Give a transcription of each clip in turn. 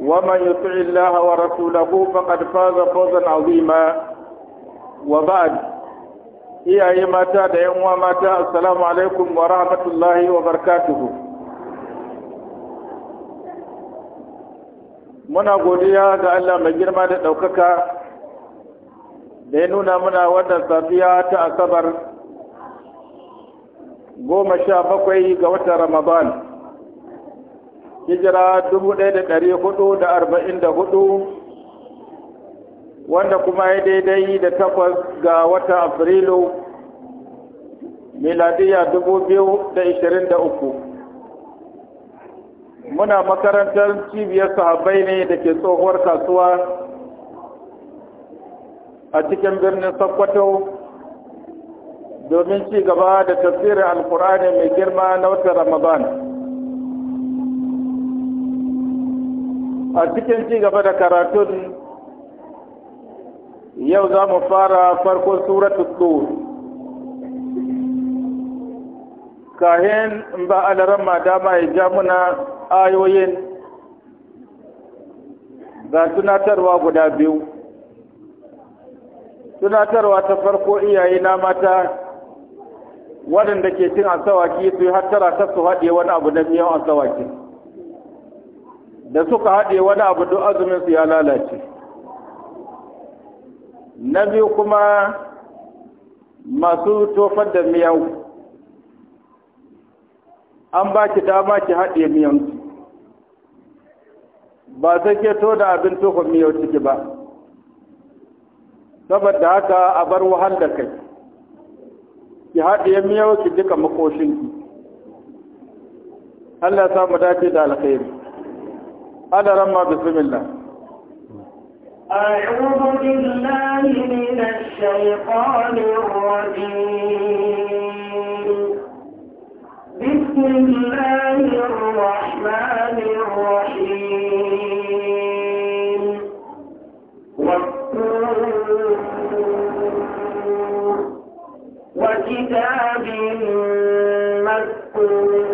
ومن يطع الله ورسوله فقد فاز فوزا عظيما وبعد iyaye mata da yan uwa mata assalamu alaikum wa rahmatullahi wa barakatuhu muna godiya ga Allah mai girma da ɗaukaka da nuna muna wannan safiya ta asabar goma sha bakwai ga watan ramadan hijira hudu, wanda kuma ya daidai da takwas ga watan afrilu miladiya uku, muna makarantar cibiyar sahabbai ne da ke tsohuwar kasuwa a cikin birnin sokoto domin ci gaba da tafsirin alkur'ani mai girma na watan ramadan a cikin ci gaba da karatun yau za mu fara farkon suratul tur kahin ba alaran dama ya ja muna ayoyin ga tunatarwa guda biyu tunatarwa ta farko iyaye na mata waɗanda ke cin asawaki su yi hattara ta su haɗe wani abu na biyan asawaki. da suka haɗe wani abu duk su ya lalace na biyu kuma masu tofar da miyan an ba ki dama ki haɗe miyan ba sai ke to da abin tofa miyan ciki ba saboda haka a bar wahal da kai ki haɗe miyan ki duka makoshinki Allah ya samu dace da alkhairi أنا رمى بسم الله أعوذ بالله من الشيطان الرجيم بسم الله الرحمن الرحيم وكتاب مذكور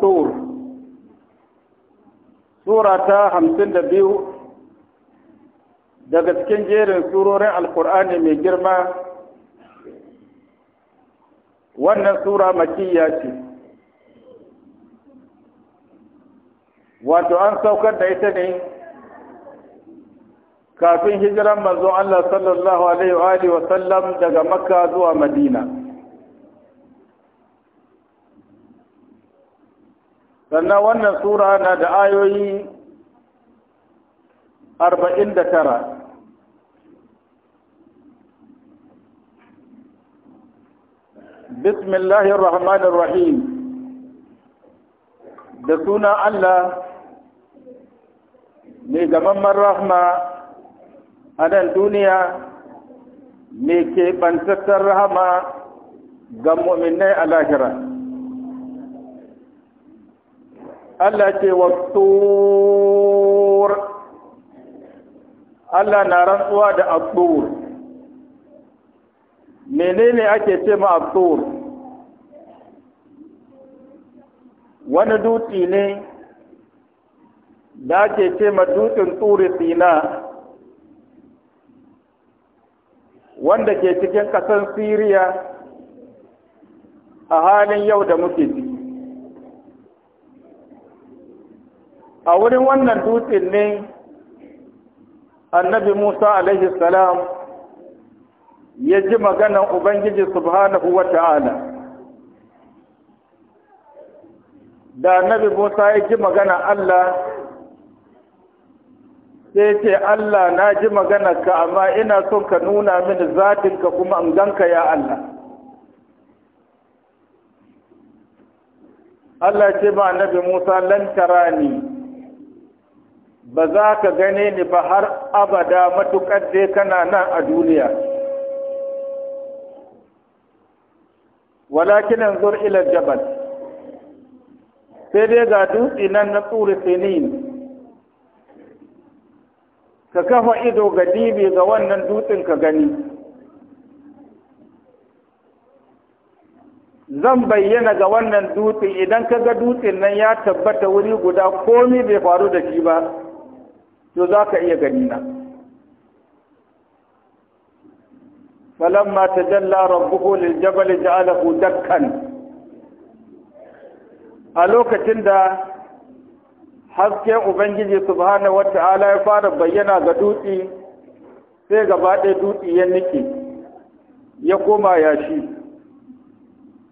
tur sura ta hamsin da biyu daga cikin jerin surorin alkur'ani mai girma wannan sura makiyya ce wato an saukar da ita ne kafin hijiran manzon Allah alaihi wa sallam daga makka zuwa madina sannan wannan sura na da ayoyi arba'in da tara bismillahir rahmanir rahim da suna allah mai gamamman rahma a nan duniya mai bantattar rahama ga mu'minai a lahira. Allah ce waktur Allah na rantsuwa da abdur menene ake ce ma abdur wani dutse ne da ake ce ma dutsen turi sina wanda ke cikin ƙasar siriya a halin yau da muke a wurin wannan dutsen ne annabi musa alaihi salam ya ji magana ubangiji subhanahu wa ta'ala da annabi musa ya ji magana allah sai ce allah na ji ka amma ina son ka nuna mini zatinka kuma in ganka ya allah Allah ce ba annabi Musa lantara ne ba za ka gane ni ba har abada matuƙar dai kana nan a duniya walakin anzur ila jabal sai dai ga dutse nan na tsuri sinin ka kafa ido ga dibi ga wannan dutsen ka gani zan bayyana ga wannan dutsen idan ka ga dutsen nan ya tabbata wuri guda komi bai faru da shi ba to za ka iya gani na falamma tajalla rabbuhu lil jabal ja'alahu dakkan a lokacin da hasken ubangiji subhanahu wata'ala ya fara bayyana ga dutse sai gaba ɗaya dutse ya nike ya koma yashi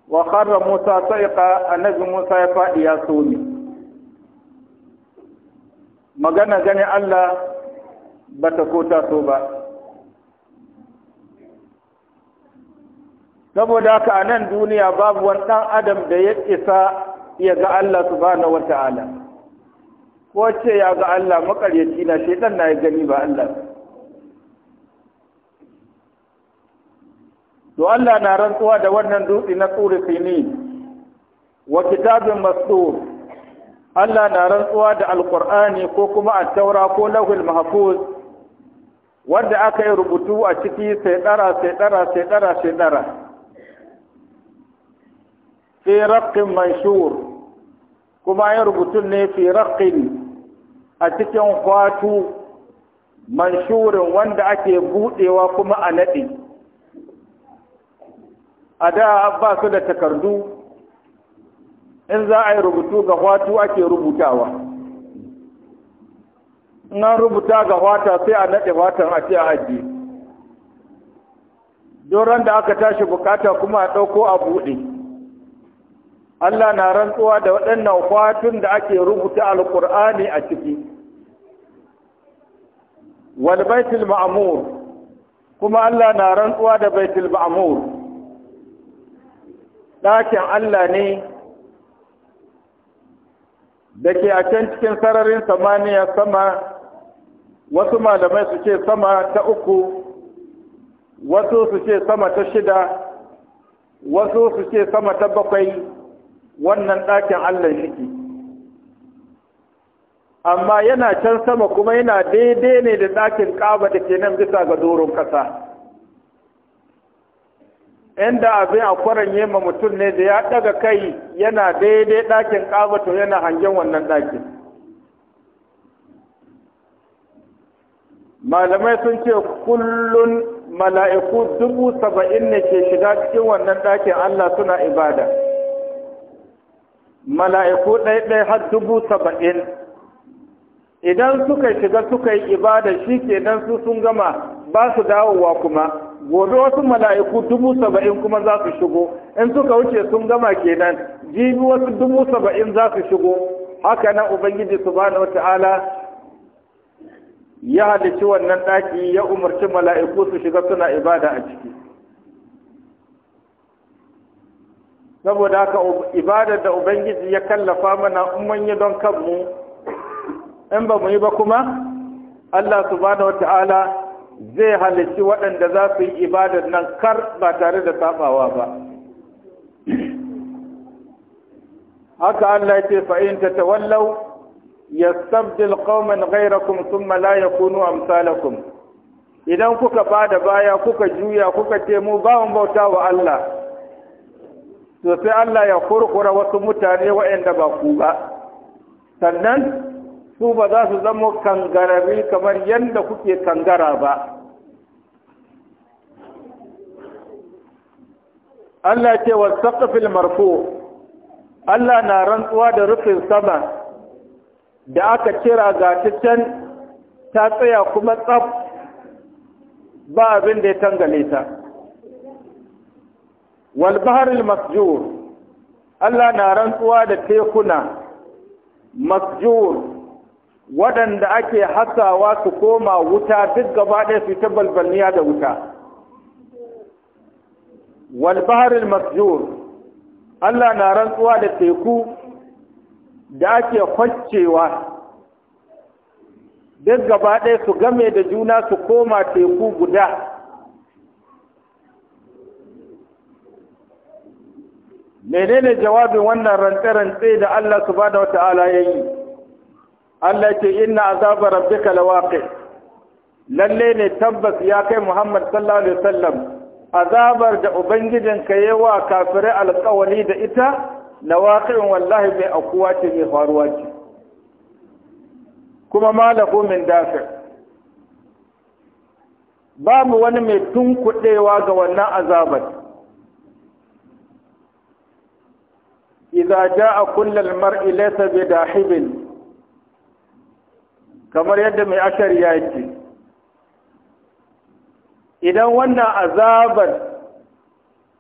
wa kharra musa sa'iqa annabi musa ya faɗi ya soni magana ganin Allah ba ta ko taso ba saboda haka a nan duniya babu wani ɗan adam da ya isa ya ga Allah su na wata ala, ko ce ya ga Allah makaryaci na shaidan na ya gani ba Allah to Allah na rantsuwa da wannan dutse na tsuri fini wa kitabin masu Allah na rantsuwa da alkur'ani ko kuma taura ko lahul mahfuz wanda aka yi rubutu a ciki sai dara sai dara sai dara sai dara fi raqqin manshur kuma ya rubutun ne fi raqqin a cikin kwatu manshurin wanda ake budewa kuma a nade a da ba su da takardu in za a yi rubutu ga watu ake rubutawa na rubuta ga hwata sai a naɗe watan a ce a haji doron da aka tashi bukata kuma a ɗauko a buɗe Allah na rantsuwa da waɗannan kwatun da ake rubuta alƙur'ani a ciki wal baitul ma'mur kuma Allah na rantsuwa da baitul ma'mur ɗakin Allah ne da ke a can cikin sararin samaniya sama wasu malamai su ce sama ta uku wasu su ce sama ta shida wasu su ce sama ta bakwai wannan ɗakin allah shiki amma yana can sama kuma yana daidai ne da ɗakin ƙaba da ke nan bisa ga doron ƙasa inda abin a kwaran ma mutum ne da ya daga kai yana daidai ɗakin ƙabato yana hangen wannan ɗakin malamai sun ce kullun mala'iku dubu saba'in ne ke shiga cikin wannan ɗakin Allah suna ibada mala'iku ɗaiɗai har dubu saba'in idan suka shiga suka yi ibada shi ke su sun gama ba su dawowa kuma gobe wasu mala'iku dubu saba'in kuma za su shigo in suka wuce sun gama kenan jibi wasu dubu saba'in za su shigo haka nan ubangiji subhanahu wata'ala ya halici wannan ɗaki ya umarci mala'iku su shiga suna ibada a ciki saboda haka ibada da ubangiji ya kallafa mana mun yi don kanmu in ba mu yi ba kuma Allah subhanahu wata'ala zai halarci waɗanda za su yi ibadar nan kar ba tare da sabawa ba haka Allah ce fa'in ta tawallau yastabdil qauman ghayrakum thumma la yakunu amsalakum idan kuka bada baya kuka juya kuka ce mu ba mu bauta wa Allah to sai Allah ya kurkura wasu mutane waɗanda ba ku ba sannan su ba za su zama kangarari kamar yadda kuke kangara ba Allah ce wa saƙafil marfo Allah na rantsuwa da rufin sama da aka kira gatacen ta tsaya kuma tsaf ba abin da ya tangale ta wal baharil masjur Allah na rantsuwa da tekuna masjur waɗanda ake hasawa su koma wuta duk gaba ɗaya su ta balbalniya da wuta Walbaharin masjur Allah na rantsuwa da teku da ake kwacewa duk gaba ɗaya su game da juna su koma teku guda menene jawabin wannan rantse-rantse da Allah su wata ala ya yi Allah ce inna azaba rabbika lawaqi lalle ne tabbas ya kai Muhammad sallallahu alaihi wasallam azabar da ubangijin ka yawa kafirai alƙawari da ita lawaqin wallahi bai akuwa ce mai faruwa ce kuma malahu min dafi babu wani mai tunkuɗewa ga wannan azabar idza jaa kullal mar'i laysa bidahibin kamar yadda mai akar ya ce idan wannan azabar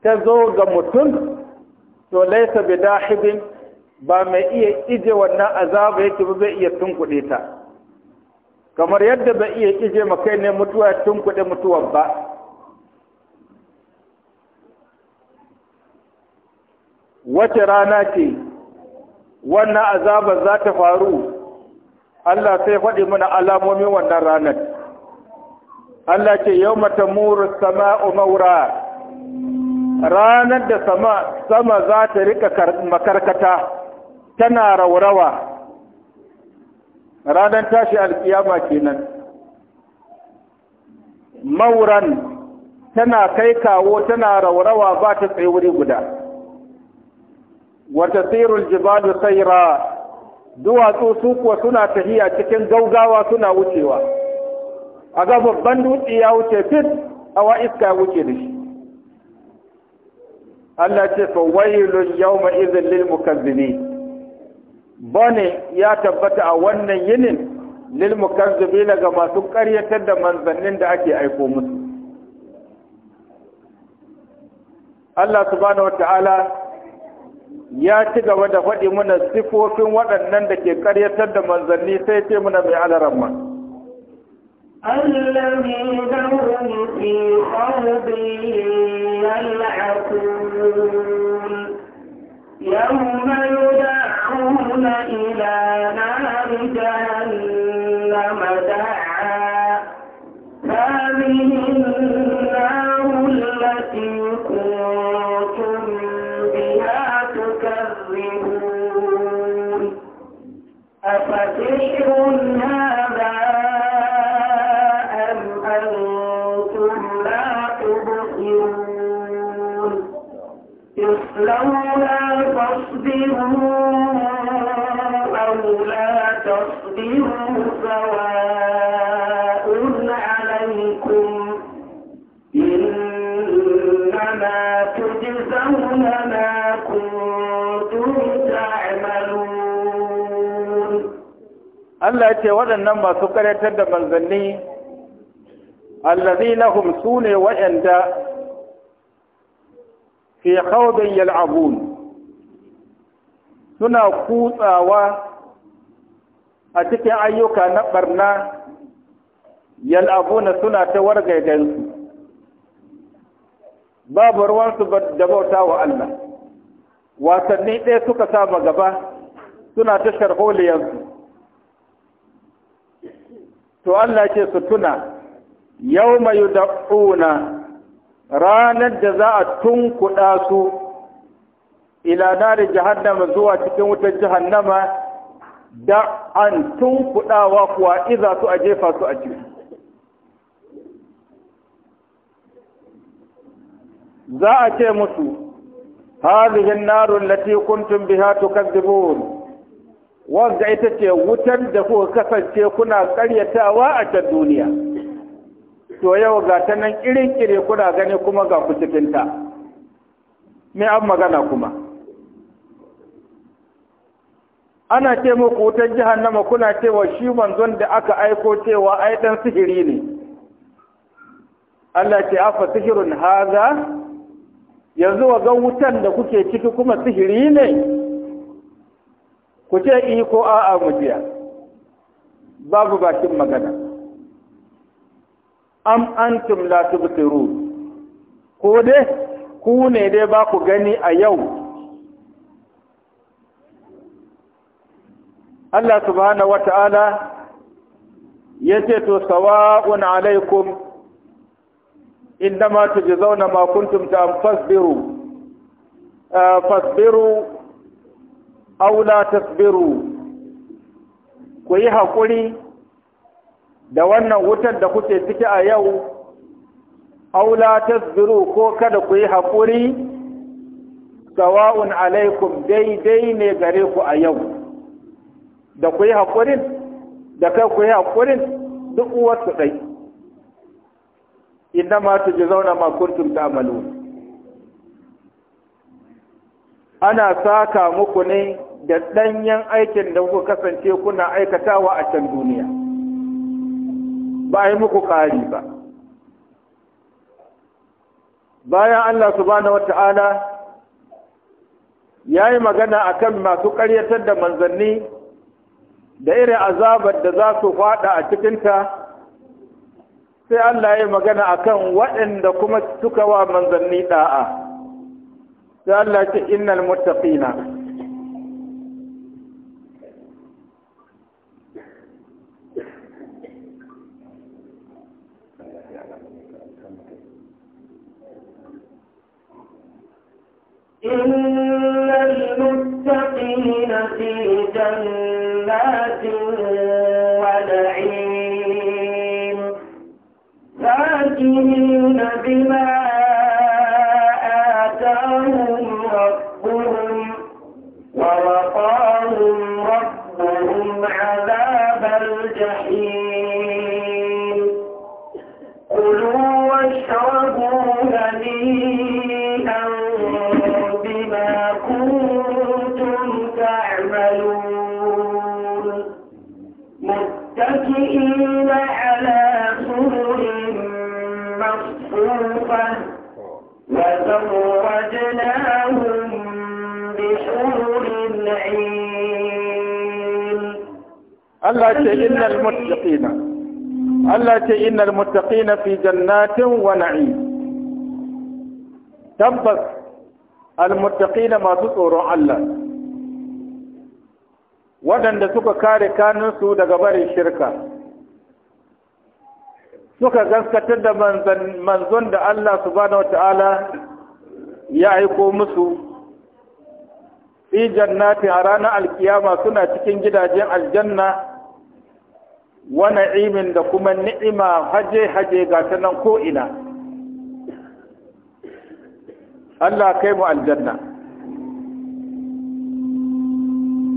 ta zo ga mutum to laisa bi dahibin ba mai iya ije wannan azaba yake ba zai iya tunkuɗe ta kamar yadda bai iya ije makai ne mutuwa tunkuɗe mutuwar ba wace rana ce wannan azabar za ta faru Allah sai faɗi mana alamomin wannan ranar Allah ce yau mata muru sama maura ranar da sama sama za ta rika makarkata tana raurawa ranar tashi alkiyama kenan mauran tana kai kawo tana raurawa ba ta tsaye wuri guda wata tsirul jibalu saira duwatsu su kuwa suna tahiya cikin gaugawa suna wucewa a ga babban dutse ya wuce fit awa iska ya wuce da shi Allah ce fa wailun yawma idhil lil mukazzibin bane ya tabbata a wannan yinin lil mukazzibina ga masu ƙaryatar da manzannin da ake aiko musu Allah subhanahu wataala ya ci gaba da faɗi mana sifofin waɗannan da ke ƙaryatar da manzanni sai ce muna mai alaran ma. يوم يدعون إلى نار جهنم Allah ya ce waɗannan masu karyatar da manzanni allazina hum ne waɗanda fi khawdin yal'abun suna kutsawa a cikin ayyuka na barna yal'abuna suna ta wargaigansu babu ruwansu da bauta wa Allah wasanni ɗaya suka saba gaba suna ta sharholiyansu to Allah ce su tuna yau mai da'una ranar da za a tunkuɗa su ila nari jahannama zuwa cikin wutar jahannama da an tunkuɗawa kuwa iza su a jefa su a ciki za a ce musu هذه النار التي كنتم بها تكذبون wanda ita ce wutar da kuka kasance kuna karyatawa a can duniya to yau ga ta nan irin kire kuna gani kuma ga ku cikinta me an magana kuma ana ce muku wutar jahannama kuna cewa shi manzon da aka aiko cewa ai dan sihiri ne Allah ce afa sihirun haza yanzu wa ga wutan da kuke ciki kuma sihiri ne ku ce i ko a'a mu jiya babu bakin magana am antum la tubtiru ko dai ku ne dai ba ku gani a yau Allah subhanahu wata'ala ya ce to sawa'un alaikum indama tujzauna ma kuntum ta fasbiru ah, fasbiru aula tasbiru ku yi haƙuri da wannan wutar da kuke ciki a yau aula tasbiru ko kada ku yi haƙuri sawa'un alaikum daidai ne gare ku a yau da ku yi haƙurin da kai ku yi haƙurin duk uwarsu ɗai innama tujzauna ma ta ta'malun ana saka muku ne da ɗanyen aikin da kuka kasance kuna aikatawa a can duniya ba yi muku ƙari ba bayan Allah subhanahu wata'ala ya yi magana a kan masu ƙaryatar da manzanni da irin azabar da za su faɗa a cikinta sai Allah ya yi magana a kan waɗanda kuma suka wa manzanni ɗa'a sai Allah ce innal muttaqina إن المتقين في جنات ونعيم فاكهين بما Allah ce innal muttaqina Allah ce innal muttaqina fi jannatin wa na'im tabbas al muttaqina masu tsoron Allah waɗanda suka kare kanunsu daga barin shirka suka gaskatar da manzon da Allah subhanahu wata'ala ya aiko musu fi jannati a ranar alkiyama suna cikin gidajen aljanna wa na'imin da kuma ni'ima haje haje ga ta nan ko ina Allah kai mu aljanna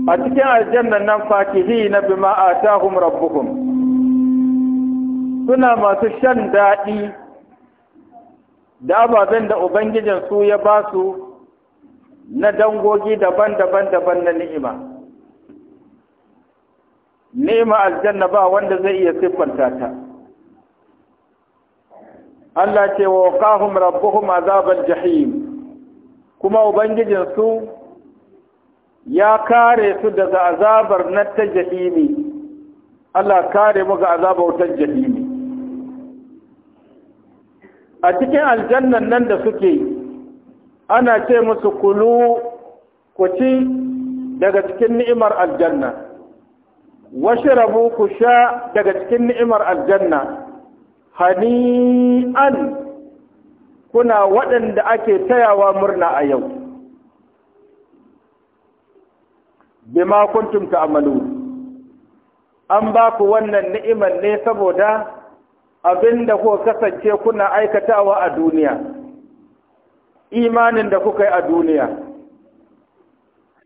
a cikin aljannan nan Fatihi na bima atahum rabbuhum suna masu shan daɗi da ababen da ubangijin su ya ba su na dangogi daban-daban daban na ni'ima ni'ima aljanna ba wanda zai iya siffanta ta Allah ce wa waqahum rabbuhum azaban jahim kuma ubangijin su ya kare su daga azabar na ta jahimi Allah kare mu ga azabar ta jahimi a cikin aljannan nan da suke ana ce musu kulu ku ci daga cikin ni'imar aljanna washirabu ku sha daga cikin ni'imar aljanna hani'an kuna waɗanda ake tayawa murna a yau bima kuntum ta'malu an ba ku wannan ni'imar ne saboda abinda kuka kasance kuna aikatawa a duniya imanin da kuka yi a duniya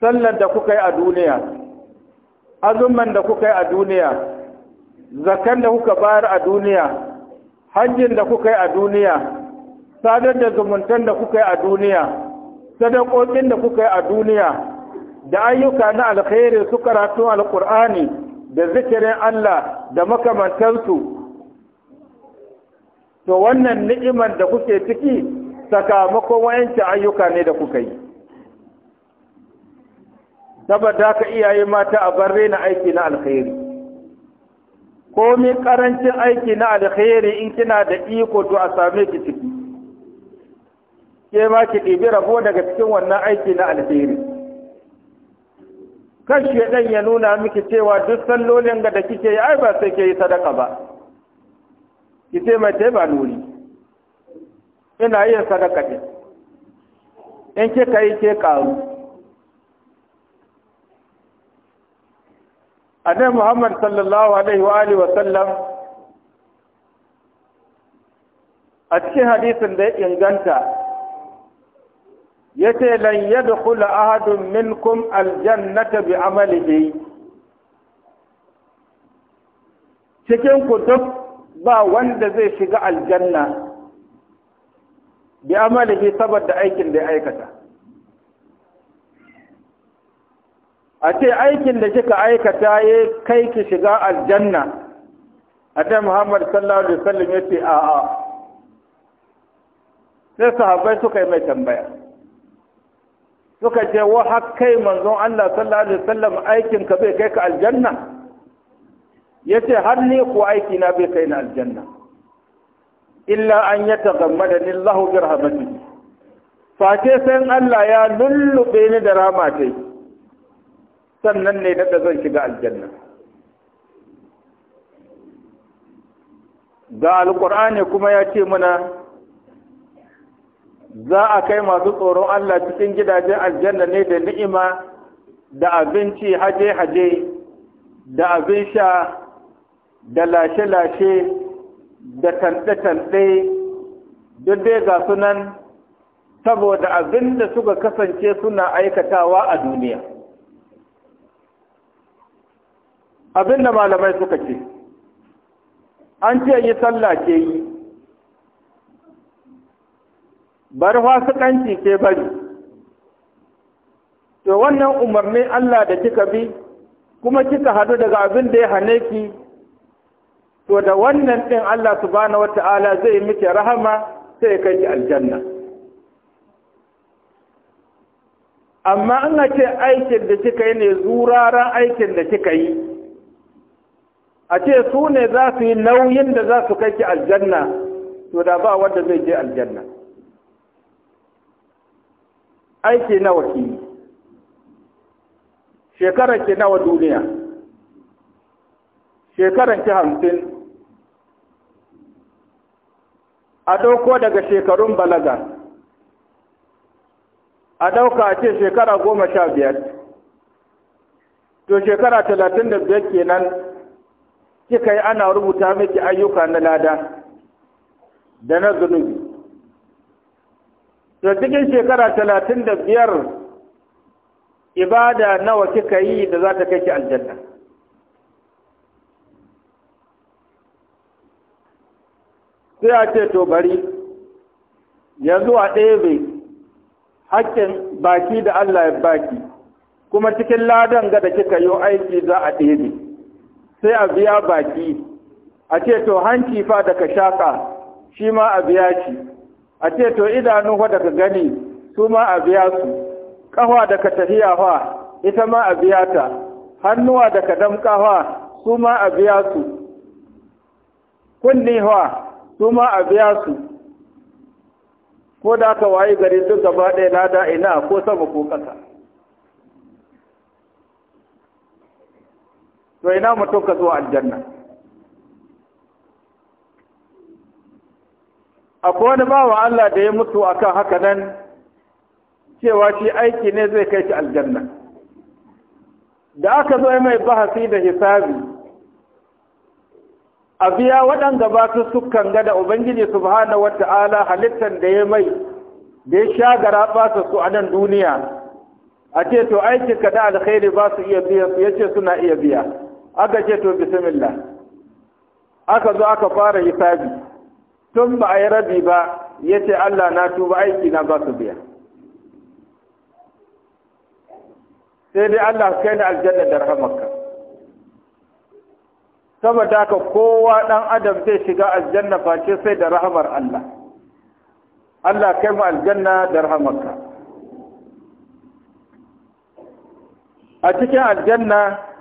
sallar da kuka yi a duniya azumman da kuka yi a duniya zakan da kuka bayar a duniya hajjin da kuka yi a duniya sadar da zumuntan da kuka yi a duniya sadakokin da kuka yi a duniya da ayyuka na alkhairi su karatu alkur'ani da zikirin Allah da makamantansu to wannan ni'imar da kuke ciki sakamakon wayanci ayyuka ne da kuka yi saboda ka iyaye mata a bar raina aiki na alkhairi komi karancin aiki na alkhairi in kina da iko to a same ki ciki ke ma ki ɗibi rabo daga cikin wannan aiki na alkhairi kan shedan ya nuna miki cewa duk sallolin ga da kike yi ai ba sai ke yi sadaka ba ki ce mai ba nuni. ina yin sadaka ne in kika yi ke karu annabi Muhammad sallallahu alaihi wa alihi wa sallam a cikin hadisin da ya inganta yace lan yadkhula ahadun minkum aljannata bi amalihi cikin ku duk ba wanda zai shiga aljanna bi amalihi saboda aikin da ya aikata a ce aikin da kika aikata ya kai ki shiga aljanna A ta Muhammad sallallahu alaihi wasallam ya ce a'a sai sahabbai suka yi mai tambaya suka ce wa har kai manzon Allah sallallahu alaihi wasallam aikin ka bai kai ka aljanna Ya ce har ni ko aiki na bai kai na aljanna illa an yataghammadani Allahu bi rahmatihi fa sai Allah ya lullube ni da rahmatai sannan ne daga zan shiga aljanna ga alkur'ani kuma ya ce mana za a kai masu tsoron Allah cikin gidajen aljanna ne da ni'ima da abinci haje-haje da abin sha da lashe-lashe da tanɗe-tanɗe duk dai ga sunan saboda abin da suka kasance suna aikatawa a duniya. Abin da malamai suka ce an ce yi sallah ke yi bar fasikanci ke bari to wannan umarni Allah da kika bi kuma kika hadu daga abin da ya hane ki to da wannan ɗin Allah subhanahu wata'ala zai miki rahama sai ya kai aljanna amma an ce aikin da kika yi ne zuraran aikin da kika yi a ce su ne za su yi nauyin da za su kai ki aljanna to da ba wanda zai je aljanna aiki nawa ki shekarar ki nawa duniya shekaran ki hamsin a ɗauko daga shekarun balaga a ɗauka a ce shekara goma sha biyar to shekara talatin da biyar kenan kika yi ana rubuta miki ayyuka na lada da na zunubi to cikin shekara talatin da biyar ibada nawa kika yi da za ta kai ki aljanna sai a ce to bari yanzu a ɗebe hakkin baki da Allah ya baki kuma cikin ladan ga da kika yi aiki za a ɗebe sai a biya baki a ce to hanci fa da ka shaƙa shi ma a biya shi a ce to idanu fa da ka gani su ma a biya su ƙafa da ka tafiya fa ita ma a biya ta hannuwa da ka damƙa fa su ma a biya su kunni fa su ma a biya su ko da aka waye gari duk gaba ɗaya lada ina ko sama ko ƙasa to ina mutum ka zuwa aljanna akwai wani bawa Allah da ya mutu akan haka nan cewa shi aiki ne zai kai shi aljanna da aka zo mai bahasi da hisabi a biya waɗanda ba su sukan ga da ubangiji subhanahu wata'ala halittar da ya mai da ya shagara ba su a nan duniya a ce to aikinka da alkhairi ba su iya biya su ya ce suna iya biya aka ce to bismillah aka zo aka fara hisabi tun ba a yi rabi ba ya ce Allah na tuba aiki na ba su biya sai dai Allah kai da aljanna da rahamarka saboda haka kowa dan adam zai shiga aljanna face sai da rahamar Allah Allah kai mu aljanna da rahamarka a cikin aljanna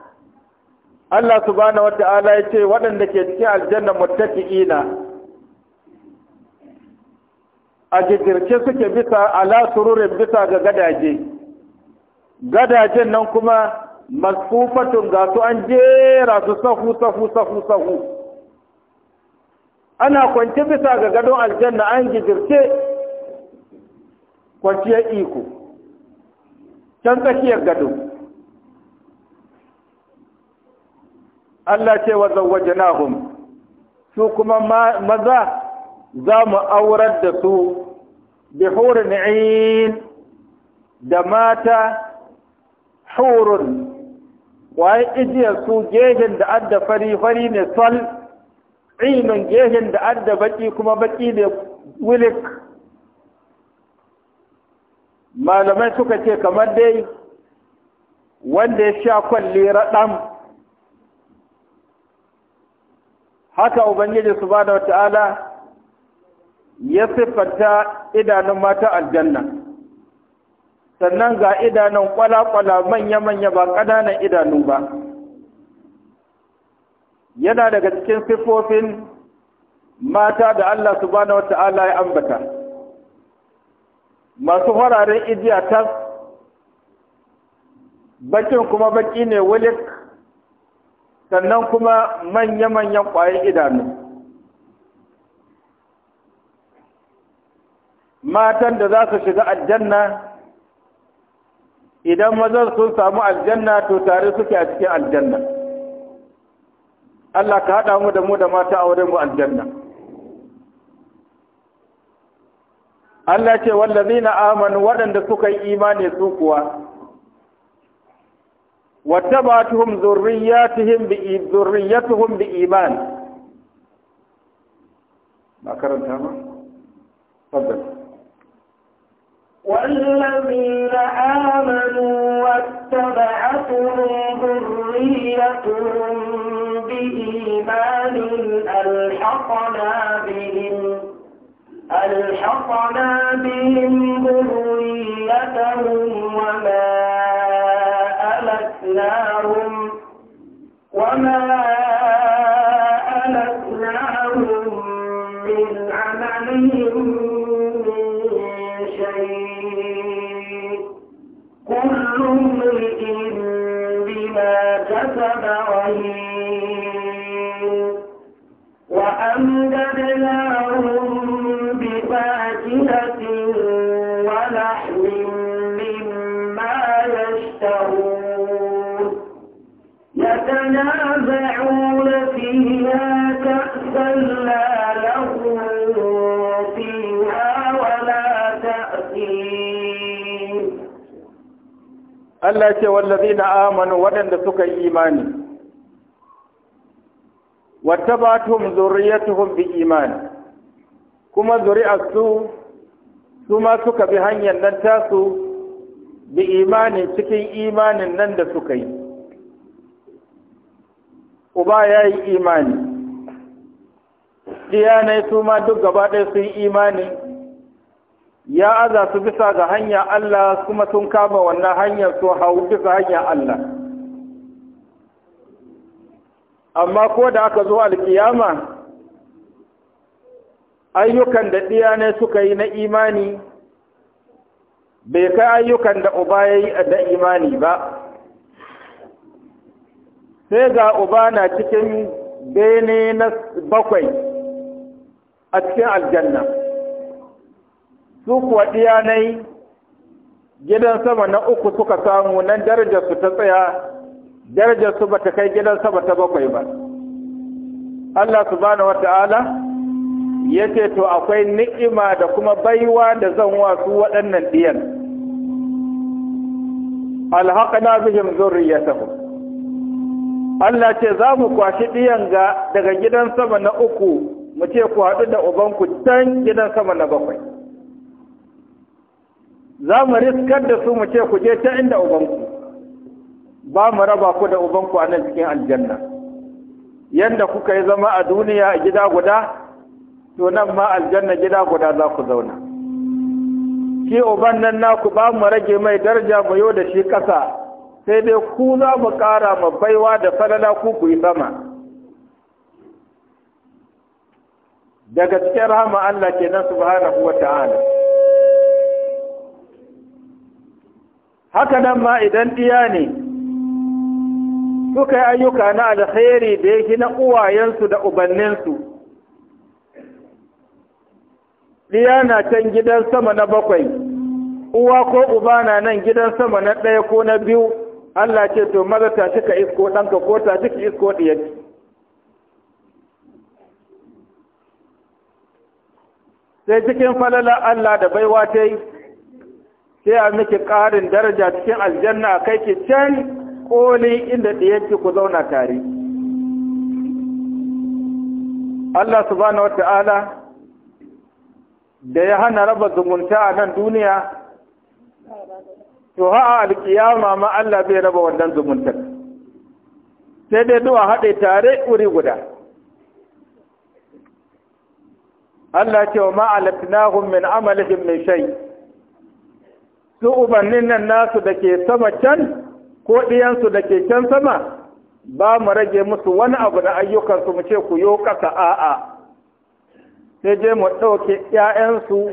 Allah subhanahu wata'ala ya ce waɗanda ke cikin aljanna muttaqiina a jirgirce suke bisa ala sururin bisa ga gadaje gadajen nan kuma masfufatun ga su an jera su sahu sahu sahu sahu ana kwance bisa ga gadon aljanna an gidirce kwanciyar iko can tsakiyar gado Allah ce wa zawwajnahum su kuma maza za mu aurar da su bi hurin ayin da mata hurun waye ijiyar su gehen da adda fari fari ne sal ainun gehen da adda baki kuma baki ne wilik malamai suka ce kamar dai wanda ya sha kwalli raɗam haka ubangiji subhanahu wata'ala ya siffanta idanun mata aljanna sannan ga idanun kwala-kwala manya-manya ba ƙananan idanu ba yana daga cikin siffofin mata da Allah subhanahu wata'ala ya ambata masu fararen ijiya ta, bakin kuma baki ne wulik sannan kuma manya-manyan ƙwayar idanu matan da za su shiga aljanna idan mazan sun samu aljanna to tare suke a cikin aljanna Allah ka haɗa mu da mu da mata a wurin mu aljanna Allah ce wallazina amanu waɗanda suka yi imani su kuwa واتبعتهم ذرياتهم ذريتهم بإيمان ما كرم تمام تفضل والذين آمنوا واتبعتهم ذريتهم بإيمان ألحقنا بهم ألحقنا بهم ذريتهم وما أهلكناهم وما Allah ce wallazi na amanu waɗanda suka yi imani ba wattabatum tuhum bi imani kuma zuri'arsu su ma suka bi hanyar nan tasu bi imani cikin imanin nan da suka yi uba ya yi imani diyanai su ma duk gaba ɗaya sun yi imani ya aza su bisa ga hanya Allah kuma sun kama wannan hanyar su hau bisa hanya Allah amma ko da aka zo alkiyama ayyukan da ɗiya ne suka yi na imani bai kai ayyukan da uba ya yi da imani ba sai ga uba na cikin bene na bakwai a cikin aljanna su kuwa ɗiyanai gidan sama na uku suka samu nan darajar su ta tsaya darajar su ta kai gidan sama ta bakwai ba Allah subhanahu wata'ala ya ce to akwai ni'ima da kuma baiwa da zan wasu waɗannan ɗiyan alhaqna bihim zurriyatahum Allah ce za mu kwashi ɗiyan ga daga gidan sama na uku mu ce ku haɗu da ubanku can gidan sama na bakwai za mu riskar da su mu ce ku je ta inda ubanku ba mu raba ku da ubanku a nan cikin aljanna Yadda kuka yi zama a duniya a gida guda to nan ma aljanna gida guda za ku zauna shi uban nan naku ba mu rage mai daraja mu yau da shi ƙasa sai dai ku za mu ƙara mu baiwa da falala ku ku yi sama daga cikin rahama Allah kenan subhanahu wa ta'ala haka nan ma idan ɗiya ne suka yi ayyuka na alheri da ya na uwayensu da ubanninsu ɗiya na can gidan sama na bakwai uwa ko uba na nan gidan sama na ɗaya ko na biyu Allah ce to maza ta cika isko ɗanka ko ta cika isko ɗiyarki sai cikin falala Allah da baiwa ta yi sai a miki ƙarin daraja cikin aljanna kai ki can koli inda ɗiyanki ku zauna tare Allah subhanahu wata'ala da ya hana raba zumunta a nan duniya to ha'a alƙiyama ma Allah bai raba wannan zumuntar sai dai duwa haɗe tare wuri guda Allah ce wa ma'alatinahum min amalihim mai shai. su ubannin nan nasu da ke sama can ko ɗiyansu da ke can sama ba mu rage musu wani abu na ayyukansu mu ce ku yo ƙasa a'a sai je mu ɗauke ‘ya'yansu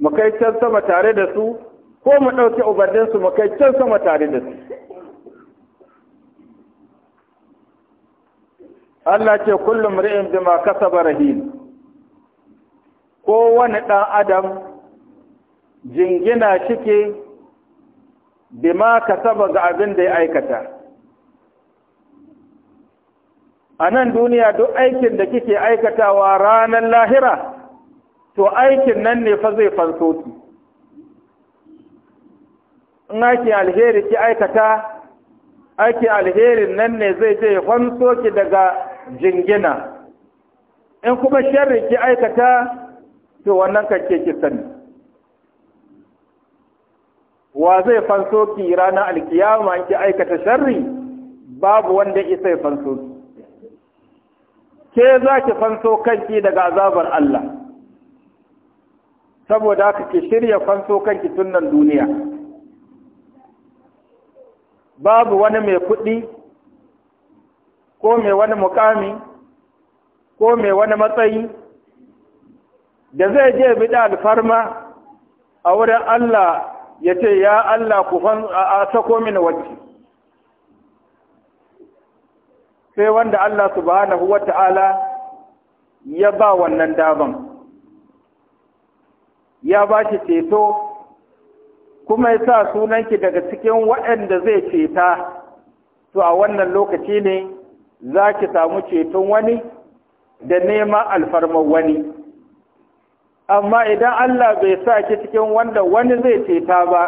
mu kai can sama tare da su ko mu ɗauke ubanninsu mu kai can sama tare da su Allah ce kullum ri'in bima kasaba rahim kowane ɗan adam jingina shike bima kasaba ga abin da ya aikata a nan duniya duk aikin da kike aikatawa ranar lahira to aikin nan ne fa zai fanso ki in aikin alheri ki aikata aikin alherin nan ne zai je ya fanso ki daga jingina in kuma sharri ki aikata to wannan kake ki sani wa zai fanso ki ranar alkiyama ki aikata sharri babu wanda isa fanso ki ke za ki fanso kanki daga azabar Allah saboda haka ki shirya fanso kanki tun duniya babu wani mai kuɗi ko mai wani mukami ko mai wani matsayi da zai je bida alfarma a wurin Allah ya ce ya Allah ku fan a sako mini wacce sai wanda Allah subhanahu wa ta'ala ya ba wannan daban ya ba shi ceto kuma ya sa sunanki daga cikin waɗanda zai ceta to a wannan lokaci ne za ki samu ceton wani da neman alfarmar wani amma idan Allah bai sa ki cikin wanda wani zai ceta ba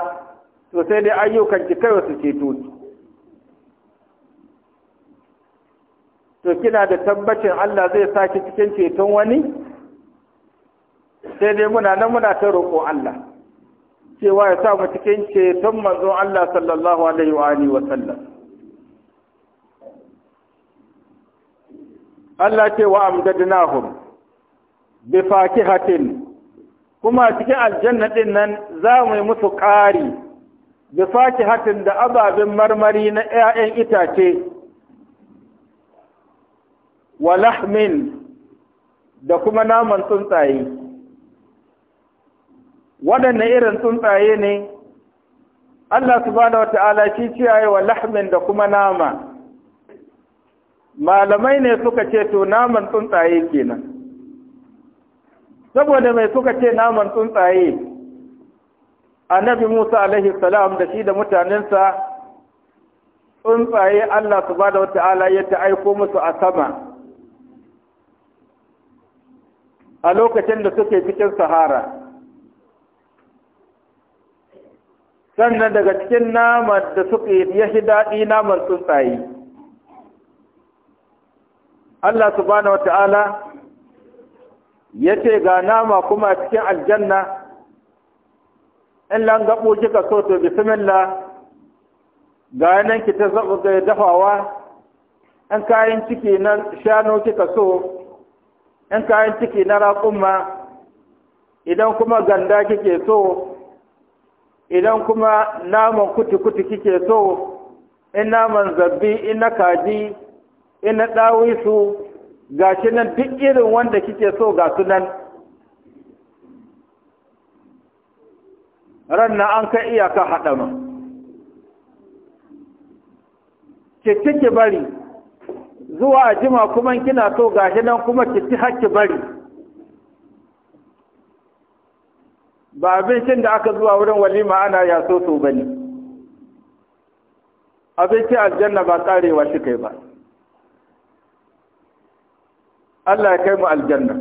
to sai dai ayyukan ki kai su ceto ki to kina da tabbacin Allah zai sa ki cikin ceton wani sai dai muna nan muna ta roƙo Allah cewa ya sa mu cikin ceton manzo Allah sallallahu alaihi wa alihi wa sallam Allah ce wa amdadnahum bi fakihatin kuma cikin aljanna din nan za mu yi musu ƙari bi hatin da ababen marmari na 'ya'yan itace wa lahmin da kuma naman tsuntsaye waɗanne irin tsuntsaye ne Allah subhanahu wata'ala shi ciyaye wa lahmin da kuma nama malamai ne suka ce to naman tsuntsaye kenan saboda mai suka ce naman tsuntsaye annabi Musa alaihi salam da shi da mutanensa tsuntsaye Allah subhanahu wata'ala ya ta aiko musu a sama a lokacin da suke cikin sahara sannan daga cikin naman da suke ya shi daɗi naman tsuntsaye Allah subhanahu wata'ala yace ga nama kuma cikin aljanna in lan gabo kika so to bismillah ga nan ki ta zabu ga dafawa in kayan ciki na shanu kika so in kayan ciki na raƙumma idan kuma ganda kike so idan kuma naman kuti-kuti kike so in naman zabbi in na kaji in na ɗawisu Ga shi nan duk irin wanda kike so ga su nan ranna an kai iyaka haɗama ki bari zuwa a jima kuma kina so gashi nan kuma ki hakki bari ba abincin da aka zuwa wurin walima ana yaso so bane abinci aljanna ba karewa shi kai ba Allah ya kai mu aljanna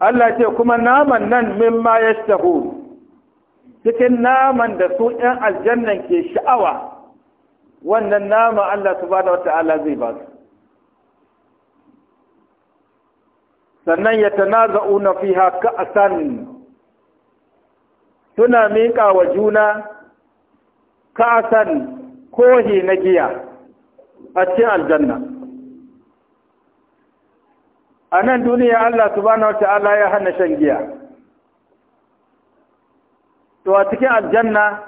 Allah ce kuma naman nan ya yastahu cikin naman da su ɗan aljanna ke sha'awa wannan naman Allah subhanahu wata'ala zai ba su sannan ya tanaza'una fiha ka'san suna miƙa wa juna ka'san kohi na giya a cikin aljanna a nan duniya Allah subhanahu wa ta'ala ya hana shan giya to a cikin aljanna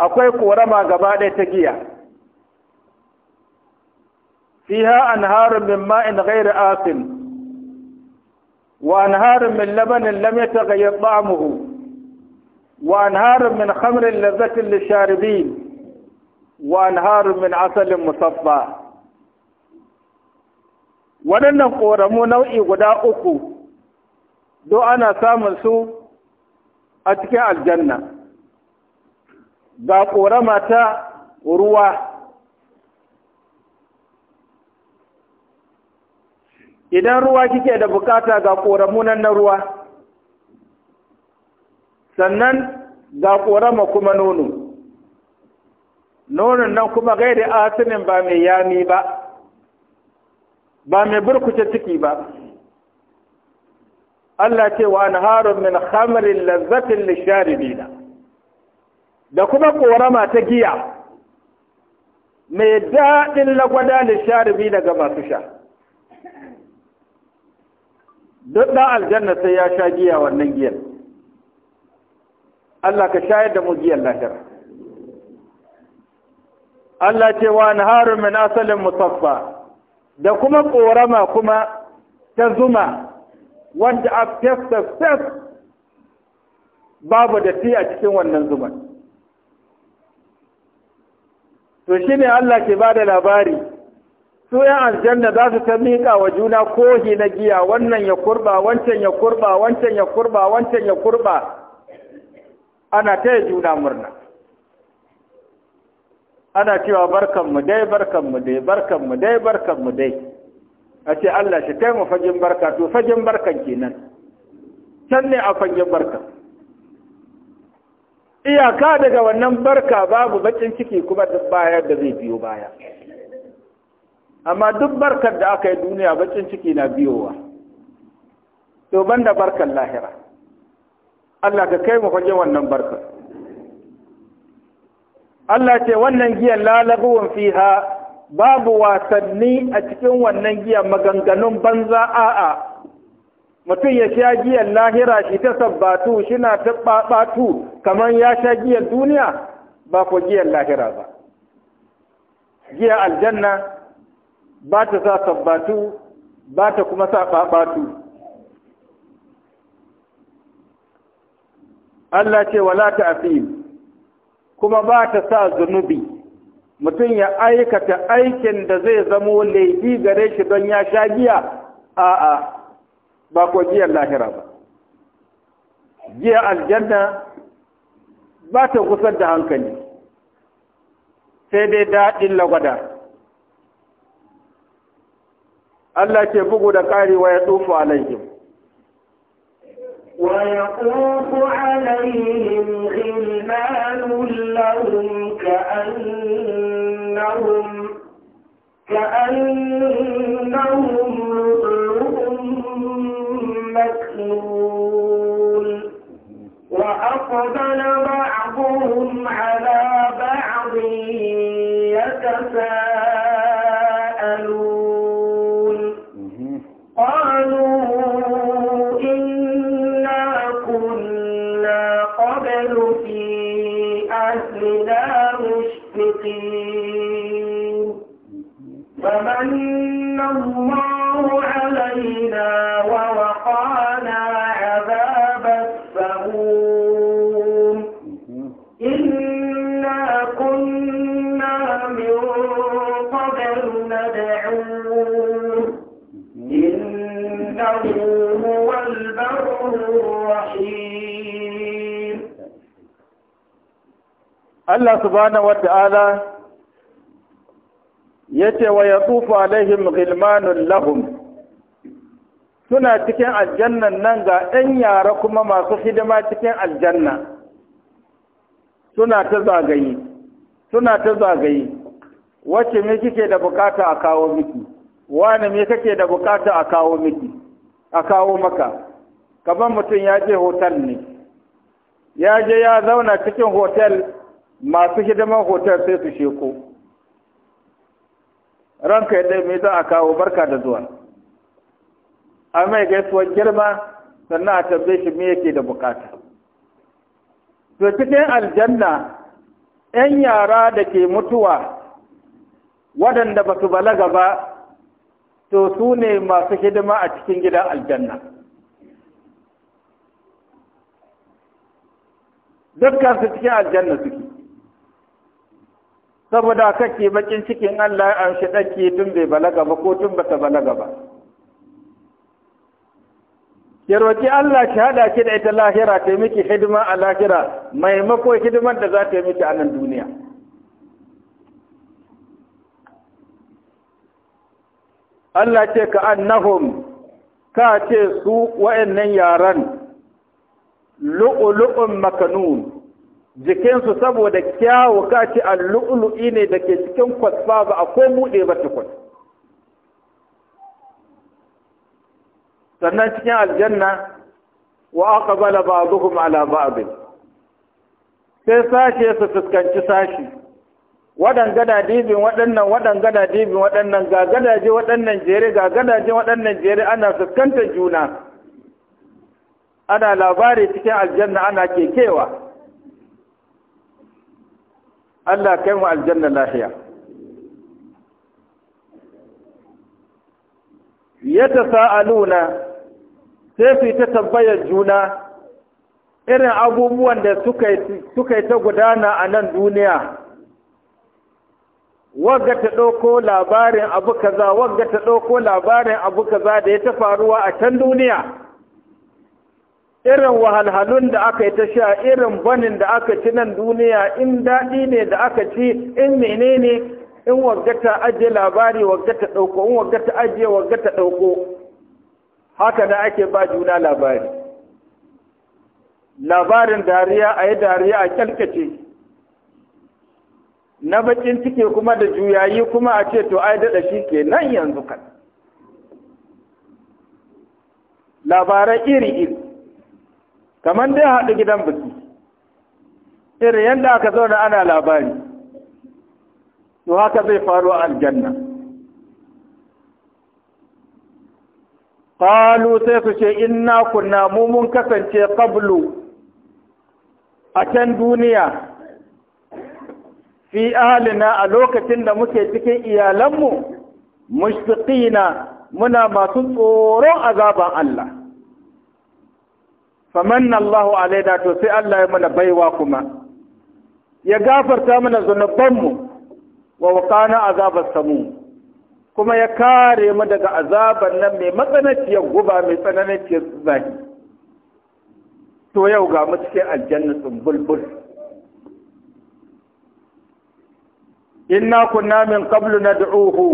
akwai korama gaba ɗaya ta giya fiha anharun min ma'in ghairi asin wa anharun min labanin lam yataghayyar ta'amuhu وأنهار من خمر لذة للشاربين وأنهار من عسل مصفى waɗannan ƙoramu nau'i guda uku do ana samun su a cikin aljanna ga ƙorama ta ruwa idan ruwa kike da bukata ga ƙoramunan na ruwa sannan ga ƙorama kuma nono nonon nan kuma gaida asinin ba mai yami ba ba mai burkuce ciki ba Allah ce wa Harun min khamrin lazzatin lisharibina da kuma korama ta giya mai daɗin lagwada lisharibina ga masu sha duk ɗan aljanna sai ya sha giya wannan giyan Allah ka shayar da mu giyan lahira Allah ce wa Harun min asalin musaffa da kuma ɓorama kuma ta zuma wanda a fes babu da a cikin wannan zuman to shi ne Allah ke ba da labari su ‘yan aljanna za su ta miƙa wa juna kohi na giya wannan ya kurba wancan ya kurba wancan ya kurba wancan ya kurba ana ta juna murna ana cewa barkanmu dai barkanmu dai barkanmu dai barkanmu dai a ce Allah shi kai mu fagen barka to fagen barkan kenan can ne a fagen barka iyaka daga wannan barka babu bakin ciki kuma duk baya da zai biyo baya amma duk barkar da aka yi duniya bakin ciki na biyowa to banda barkan lahira Allah ka kai mu fagen wannan barkar Allah ce wannan giyan lalabuwan fiha babu wasanni a cikin wannan giya maganganun banza a'a mutum ya sha giyan lahira shi ta sabbatu shina ta ɓaɓatu kamar ya sha giyan duniya ba ku giyan lahira ba giya aljanna ba ta sa sabbatu ba ta kuma sa ɓaɓatu Allah ce wala ta kuma ba ta sa zunubi mutum ya aikata aikin da zai zamo laifi gare shi don ya sha giya a'a ba ko giyar lahira ba giya aljanna ba ta kusar da hankali sai dai daɗin lagwada Allah ke bugu da ƙari wa ya tsofa alaihim ويطوف عليهم غلمان لهم كأنهم كأنهم لؤلؤ مكنون وأقبل بعضهم على بعض يتساءلون أهلنا مشفقين فمن الله Allah subhanahu wa ta'ala ya ce wa ya tufa alaihim ghilmanun lahum suna cikin aljannan nan ga ɗan yara kuma masu hidima cikin aljanna suna ta zagaye suna ta zagaye wacce me kike da bukata a kawo miki wani me kake da bukata a kawo miki a kawo maka kamar mutum ya je hotel ne ya je ya zauna cikin hotel masu hidimar hotel sai su sheko ranka ya dai me za a kawo barka da zuwa a mai gaisuwar girma sannan a tambaye shi me yake da bukata to cikin aljanna 'yan yara da ke mutuwa waɗanda ba su balaga ba to su ne masu hidima a cikin gidan aljanna dukkan su cikin aljanna suke saboda kake bakin cikin Allah a shi ɗanki tun bai balaga ba ko tun bata balaga ba ya Allah shi ki da ita lahira ta miki hidima a lahira maimako hidimar da za ta yi miki a nan duniya Allah ce ka annahum ka ce su wa'annan yaran lu'ulu'un makanun jikinsu saboda kyawu kaci allu'lu'i ne da ke cikin kwasfa ba a ko buɗe ba tukun sannan cikin aljanna wa aqbala ba'dhum ala abin. sai sashe su fuskanci sashi waɗan gada dibin waɗannan waɗan gada dibin waɗannan ga gadaje waɗannan jere ga gadaje waɗannan jere ana fuskantar juna ana labari cikin aljanna ana kekewa Allah kai mu aljanna lahiya yata sa'aluna sai su ta tambayar juna irin abubuwan da suka yi ta gudana a nan duniya wagga ta ɗauko labarin abu kaza wagga ta ɗauko labarin abu kaza da ya ta faruwa a can duniya irin wahalhalun da aka yi ta sha irin banin da aka ci nan duniya in daɗi ne da aka ci in menene in wagata ajiye labari wagata ɗauko in wagata ajiye wagata ɗauko haka da ake ba juna labari labarin dariya a yi dariya a kyalkace na bakin ciki kuma da juyayi kuma a ce to ai daɗa shi ke nan yanzu kan labarai iri-iri kamar dai haɗu gidan biki irin yadda aka zauna ana labari to haka zai faru a aljanna qalu sai su ce inna kunna mu mun kasance qablu a can duniya fi ahalina a lokacin da muke cikin iyalanmu mushfiqina muna masu tsoron azaban Allah famanna Allahu alaina to sai Allah ya mana baiwa kuma ya gafarta mana zunubanmu wa wakana azabar samu kuma ya kare mu daga azabar nan mai matsanaciyar guba mai tsananaciyar zahi to yau ga mu cikin aljanna bulbul inna kunna min qablu nad'uhu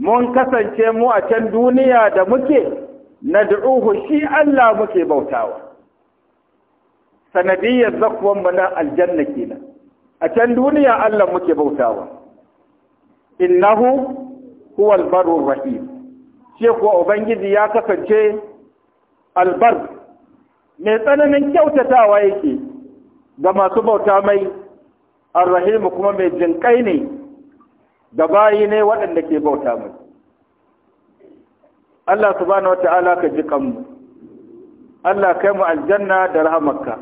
mun kasance mu a can duniya da muke nad'uhu shi Allah muke bautawa sanadiyar zakuwan mu na aljanna kenan a can duniya Allah muke bautawa innahu huwal barur rahim shi kuwa ubangiji ya kasance albar mai tsananin kyautatawa yake ga masu bauta mai arrahimu kuma mai jinkai ne da bayi ne waɗanda ke bauta mai Allah subhanahu wa ta'ala ka ji kanmu Allah kai mu aljanna da rahamarka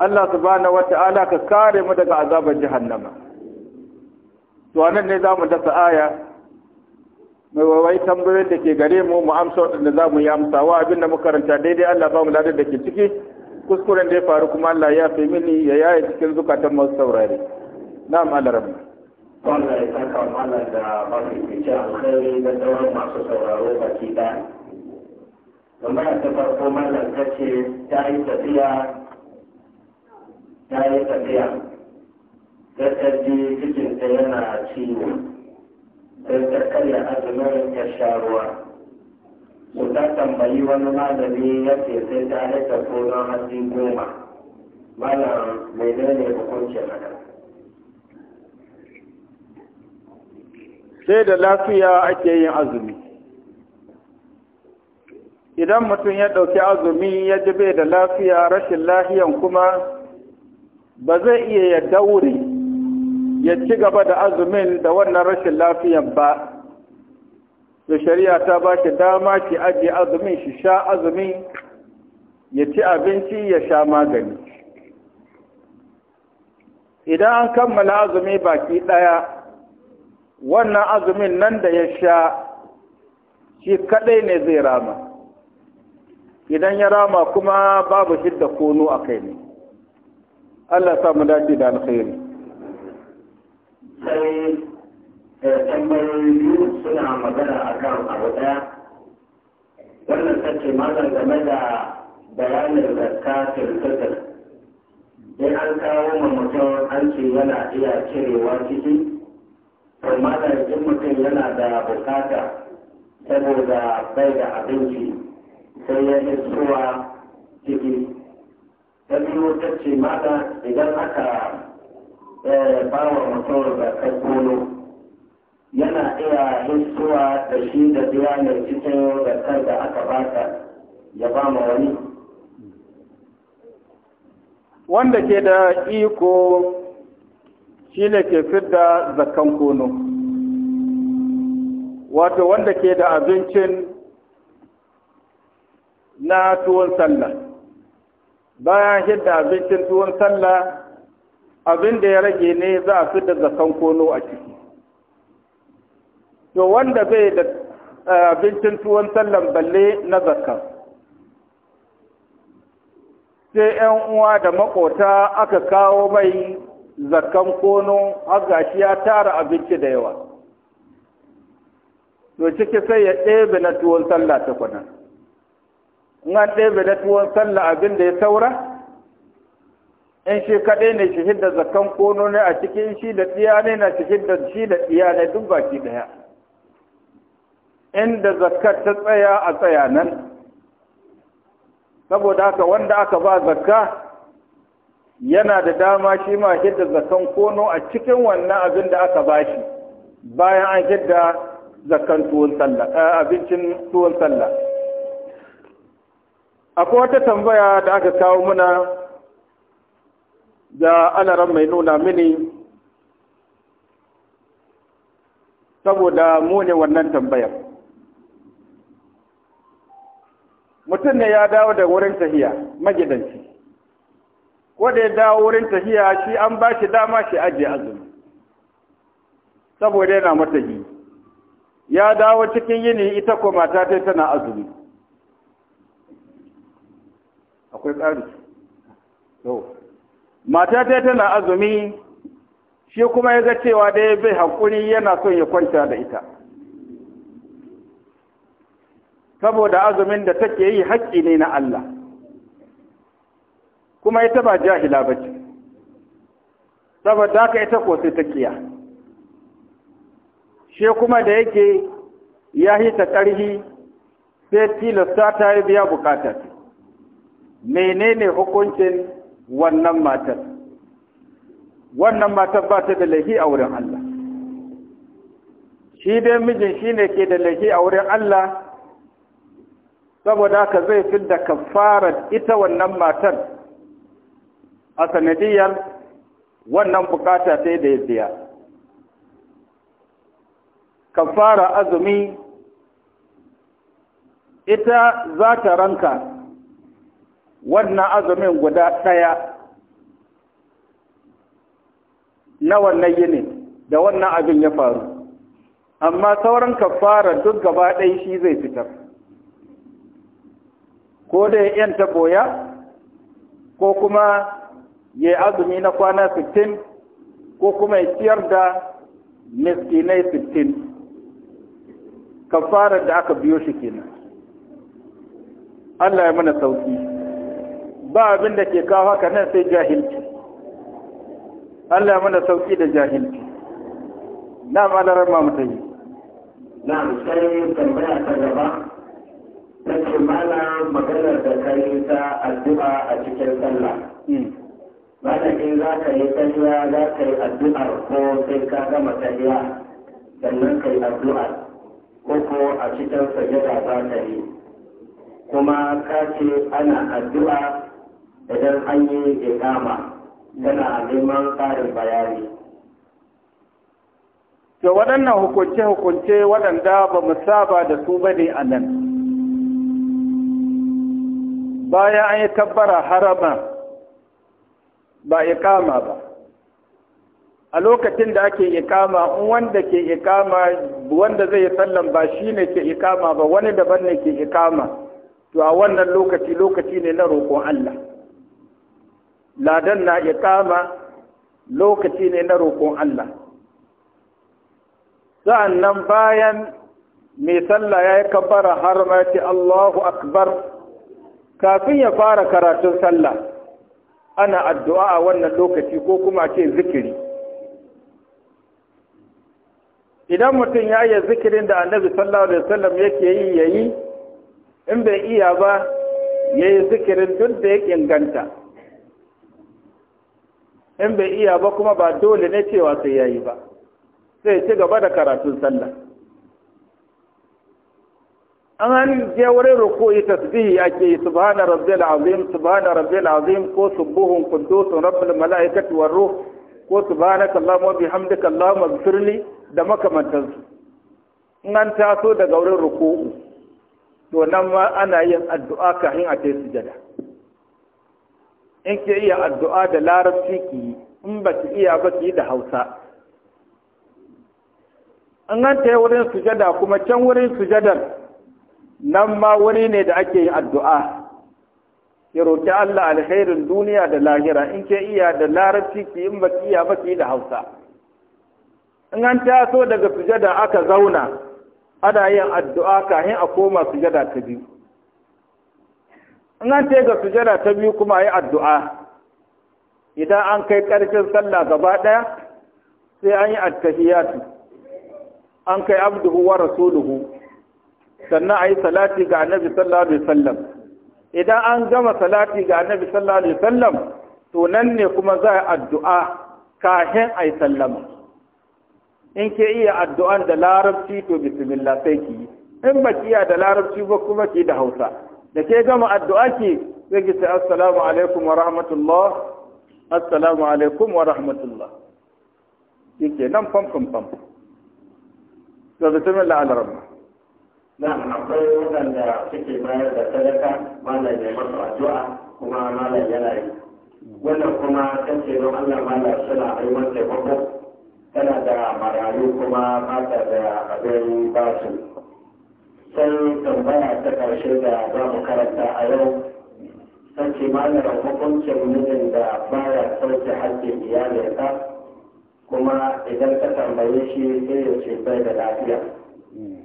Allah subhanahu wata'ala ka kare mu daga azabar jahannama to anan ne zamu dasa aya mai wawai tambayoyin da ke gare mu mu amsa wadanda za mu yi amsawa abinda muka karanta daidai Allah ba mu ladar da ke ciki kuskuren da ya faru kuma Allah ya fi mini ya yaye cikin zukatan masu saurare na Allah rabu. Allah ya saka Allah da ba su fice alkhairi da sauran masu sauraro baki da. Kamar ta farko ta ce ta yi tafiya ta yi tafiya ta tafi cikinta yana ciwo sai ta karya azumin ya sha ruwa su ta tambayi wani malami ya ce sai ta halitta tsoron hatsi goma malam menene hukuncin haka sai da lafiya ake yin azumi idan mutum ya ɗauki azumi ya ji bai da lafiya rashin lahiyan kuma ba zai iya ya daure ya ci gaba da azumin da wannan rashin lafiyan ba da shari'a ta ba shi dama ki ajiye azumin shi sha azumin ya ci abinci ya sha magani idan an kammala azumi baki ɗaya wannan azumin nan da ya sha shi kaɗai ne zai rama idan ya rama kuma babu shidda kono a kai ne Allah sa mu dace da alkhairi sai eh, tambayoyi biyu suna magana akan abu ɗaya. wannan sace mazan game da bayanin zakka firfitar in an kawo ma mutum an ce yana iya cirewa ciki to malam in mutum yana da bukata saboda bai da abinci sai ya isowa ciki ta biyu ta ce mata idan aka eh, ba wa mutum zakar golo yana iya hissuwa da shi da biya mai cikin zakar da aka ba ta ya ba ma wani wanda ke da iko shi ne ke fidda zakan kono wato wanda ke da abincin na tuwon sallah bayan hidda abincin tuwon sallah abin da ya rage ne za a fi da kono a ciki to wanda bai da eh, abincin tuwon sallan balle na zakka sai yan uwa da makota aka kawo mai zakan kono har gashi ya tara abinci da yawa to ciki sai ya ɗebe na tuwon sallah ta kwanan in ɗebe da tuwon sallah abin da ya saura in shi kaɗai ne shi hidda zakan kono ne a cikin shi da tsiya na shi hidda shi da tsiya ne duk baki ɗaya inda zakat ta tsaya a tsaya nan saboda haka wanda aka ba zakka yana da dama shi ma hidda zakan kono a cikin wannan abin da aka ba shi bayan an hidda zakan tuwon sallah eh, abincin tuwon sallah akwai wata tambaya da aka kawo muna da alaran mai nuna mini saboda mu ne wannan tambayar mutum ne ya dawo da wurin tahiya magidanci ko ya dawo wurin tahiya shi an ba shi dama shi ajiye azumi saboda yana matahi ya dawo cikin yini ita ko mata tana azumi akwai ƙari to mata ta tana azumi shi kuma ya ga cewa dai bai haƙuri yana son ya kwanta da ita saboda azumin da take yi haƙƙi ne na Allah kuma ita ba jahila ba ce saboda haka ita ko sai ta kiya shi kuma da yake ya hita ƙarhi sai tilasta ta yi biya bukatar menene hukuncin wannan matar wannan matar ba ta da laifi a wurin Allah shi dai mijin shi ne ke da laifi a wurin Allah saboda ka zai fi da kafarar ita wannan matar a sanadiyar wannan bukata sai da ya biya kafara azumi ita za ta ranka wannan azumin guda ɗaya na wannan yini da wannan abin ya faru amma sauran kafara duk gaba ɗaya shi zai fitar ko da ya yanta boya ko kuma ya yi azumi na kwana sittin, ko kuma ya ciyar da miskinai ka kafarar da aka biyo shi kenan Allah ya mana sauki. ba abin da ke kawo haka nan sai jahilci Allah mana sauki da jahilci na malarar ma mutane na sai tambaya ta gaba ta ce mala maganar da ka yi ta addu'a a cikin sallah hmm. mala in za ka yi tahiya za ka yi addu'ar ko sai ka gama tahiya sannan ka yi addu'ar ko ko a cikin sajada za ka yi kuma ka ce ana addu'a idan an yi ikama yana neman karin bayani to waɗannan hukunce-hukunce waɗanda ba mu saba da su ba ne a nan bayan an yi tabbara harama ba ikama ba a lokacin da ake ikama wanda ke ikama wanda zai sallan ba shi ne ke ikama ba wani daban ne ke ikama to a wannan lokaci lokaci ne na roƙon Allah ladan na iqama lokaci ne na roƙon Allah nan bayan mai sallah ya yi kabbara har ce Allahu akbar kafin ya fara karatun sallah ana addu'a a wannan lokaci ko kuma ce zikiri idan mutum ya yi zikirin da annabi sallallahu alaihi wasallam yake yi yayi in bai iya ba ya yi zikirin duk da ya inganta in bai iya ba kuma ba dole ne cewa sai yayi ba sai ci gaba da karatun sallah an je wurin ruku'i tasbihi ake yi subhana rabbil azim subhana rabbil azim ko subuhun qudusun rabbil malaikati war ruh ko subhanaka allahumma bihamdika allahumma ighfirli da su in an taso daga wurin ruku'u to nan ma ana yin addu'a kafin a kai sujada in ke iya addu'a da larabci ki yi in ba ki iya ba ki yi da hausa an an ta wurin sujada kuma can wurin sujadar nan ma wuri ne da ake yin addu'a ki roƙi Allah alkhairin duniya da lahira in ke iya da larabci ki in ba ki iya ba ki yi da hausa in an so daga sujada aka zauna ana yin addu'a kahin a koma sujada ta biyu in an ce ga sujada ta biyu kuma ayi addu'a idan an kai ƙarshen sallah gaba ɗaya sai an yi attahiyatu an kai abduhu wa rasuluhu sannan ayi salati ga annabi sallallahu alaihi wasallam idan an gama salati ga annabi sallallahu alaihi wasallam to nan ne kuma za a addu'a kafin ayi sallama in ke iya addu'an da larabci to bismillah sai ki yi in ba ki da larabci ba kuma ki da hausa da ke gama addu'a ki zai ki sai assalamu alaikum wa rahmatullah assalamu alaikum wa rahmatullah yake nan fam fam fam da zata min la'alar ma nan akwai waɗanda suke bayar da sadaka malam ya masu addu'a kuma malam yana yi wannan kuma kan ce don Allah malam suna aiwar taimako tana da marayu kuma ba ta da abin basu sai tambaya ta ƙarshe da za mu karanta a yau ta ce malar hukuncin mijin da baya sauke haƙƙin iyalinsa kuma idan ka tambaye shi sai ya ce bai da lafiya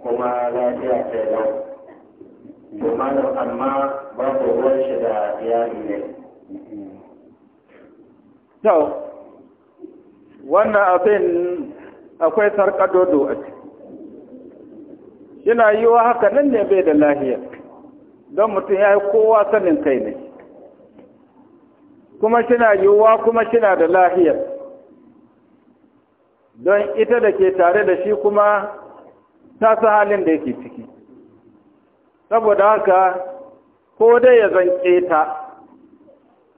kuma lafiya ta yau to malar amma babu ruwan shi da iyali ne wannan abin akwai dodo a ciki yana yi wa haka nan ne bai da lahiyar don mutum ya yi kowa sanin kai ne kuma shina yiwuwa kuma shina da lahiyar don ita da ke tare da shi kuma ta su halin da yake ciki saboda haka ko dai ya zan ta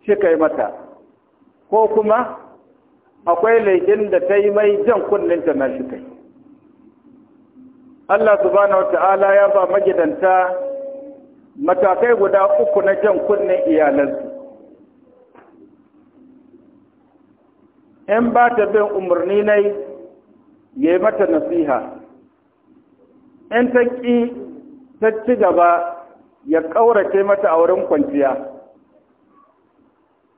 shi kai mata ko kuma akwai laifin da ta yi mai jan kunninta na shi kai Allah subhanahu wata'ala ya ba magidanta matakai guda uku na jan kunnen iyalansu in ba ta bin umarni nai ya mata nasiha in ta ƙi ta ci gaba ya ƙaurace mata a kwanciya